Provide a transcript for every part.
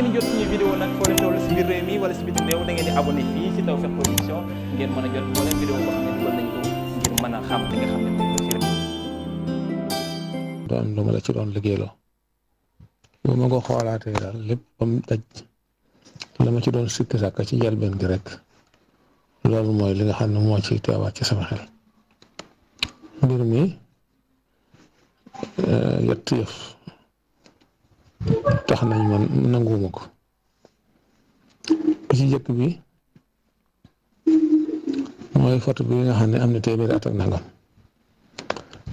ngeen jot a xam ne doon lu ma ci doon liggéeyloo bu ma ko xoolaatee daal lépp ba ci doon sikk sàkk ci njëlbeen gi rek loolu mooy li nga xam ne moo ciy teewaat ci sama xel mbir mi eh, yett tax nañ man nanguwuma ko bi ci jëkk bi mooy photo bi nga xam ne am na téeméeri at ak nangam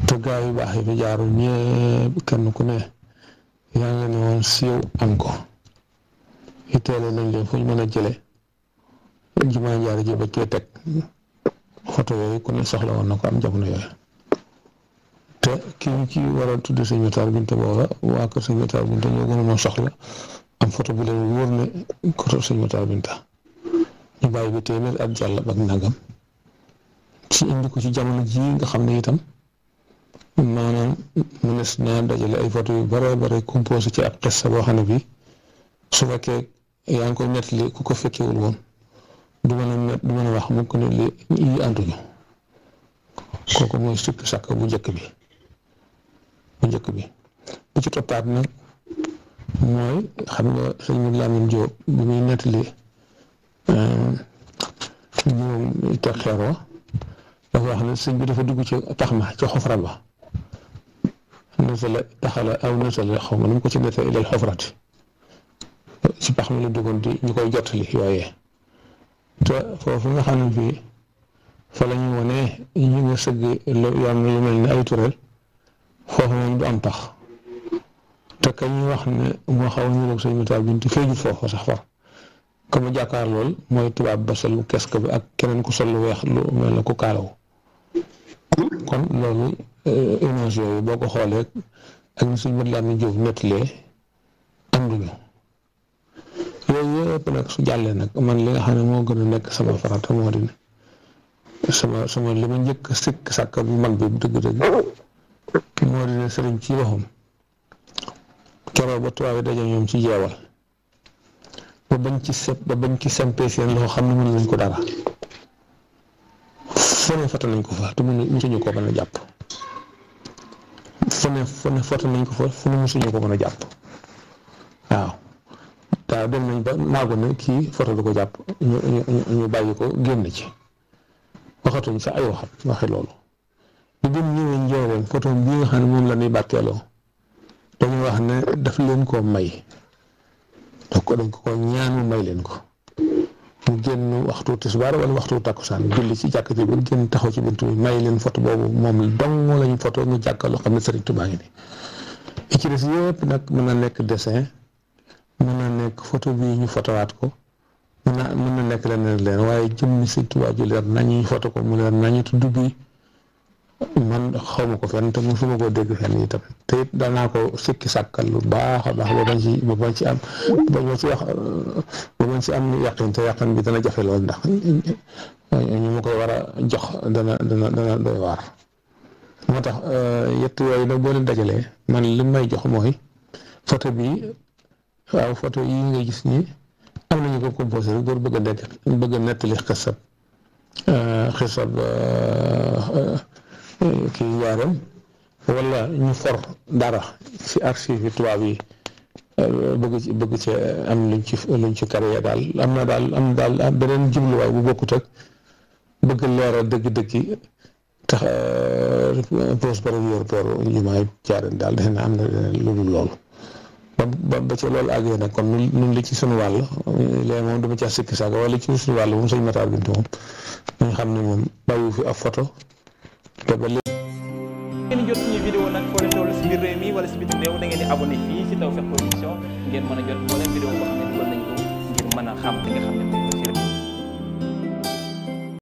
te gaa yu baax yi fi jaaru ñëpp kenn ku ne yàlla ne woon siiw am ko itteele nañ leen fu ñu mën a jële jumaa njaar ji ba teg photo yooyu ku ne soxla woon na ko am jamono yooyu te ki ñu ci war a tudde sëñ Matar Binta booba waa kër sëñ Matar Binta a noo Binta ñu bàyyi bi téeméer ak jàll ak nangam ci indi ko ci jamono ji nga xam ne itam maanaam mënees naa dajale ay photo yu bare bare composé ci ab xessa boo xam ne bii su fekkee yaa ngi koy nettali ku ko fekkewul woon du mën a du mën a wax mukk ne lii kooku mooy suppi sàkk bu njëkk bi njëkk bi bu ci toppaat nag mooy xam nga sëñ mu Lamin Jóob bu muy nettali moom euh, te xeer wa dafa wax ne sëñ bi dafa dugg ci tax ma ci xofra ba nasala taxala aw nasala xaw ma nu ko ci nete ilal xofrat ci pax mi la duggoon di ñu koy jottali yooyee te foofu nga xam ne bii fa la ñu wonee ñu nga sëgg yoon lu mel ni ay turel foofu moom du am tax te ka ñuy wax ne moo xaw a ñu roog sëñ Mata Binta fee jut foofu sax far ka jàkkaar lool mooy tubaab ba sol kesk bi ak keneen ku sol lu weex lu mel na ku kaalaw kon loolu énergie eh, yooyu boo ko xoolee ak ñu suñ mën laa mi jóof nettalee su jàllee nag man li nga xam ne moo gën a nekk sama farata moo di sama sama li ma njëkk sikk sàkk bu mag bi dëgg-dëgg te moo di ne ci waxum keroog ba tubaab yi daje ñoom ci jeewal ba bañ ci sep ba bañ ci sempee seen loxo xam ne mën nañ ko dara fone foto nañ ko fa te mën musuñu ko a jàpp fone fone foto nañ ko fa musuñu ko mën a jàpp waaw daaw dem nañ ba naago ne kii foto ko jàpp ñu ñu ñu bàyyi ko génn ci waxatuñ sa ay waxat waxe loolu bu mu ñëwee njoobal photo bi nga xam ne moom la ñuy barkeeloo dañu wax ne daf leen koo may daf ko dañ ko ñaan mu may leen ko mu génn waxtu tisbaar wala waxtu takkusaan julli ci jàkk ci biir génn taxaw ci buntu bi may leen photo boobu moom dong lañu photo ñu jàkkaloo xam ne Sëriñ Tuubaa ngi nii ci des yëpp nag mën na nekk desin mën na nekk photo bi ñu fotowaat ko mën na mën na nekk leneen leen waaye jëmmi Sëriñ Tuubaa ju leer nañu ñu foto ko mu leer nañu tudd bi ma ko fenn te mosuma koo dégg fenn itam te it danaa ko sikki sàkkal lu baax a baax ba bañ ci ba bañ ci am ba ma ci wax ba bañ am yàqin te bi dana jafe lool ñu ma koy war a jox dana dana moo tax eh, yett yooyu nag boo leen dajalee man li may jox mooy photo bi waaw photo yi nga gis nii am nañu ko composé rek góor bëgg a nekk bëgg a nettali xisab eh, xisab eh, kii njaareem wala ñu for dara ci archive yi tubaab yi euh, bëgg ci bëgg ci euh, am luñ ci luñ ci carrière daal am na daal am daal beneen jubluwaay bu bokkut ak bëgg leeral dëgg-dëggi tax euh, prospère yor port jumaay jaaren daal defe naa am na leneen lu dul loolu ba ba ca loolu àggee nag kon nun li ci suñu wàll léegi moom dama ca sikki saaga wala ci suñu wàll moom sëñ Matar Bintou moom ñu xam ne moom bàyyiwu fi ab photo te ba léegi wala si bitim ngeen di abonné fii si Tawfekh ngeen mën a jot moo leen vidéo boo xam ne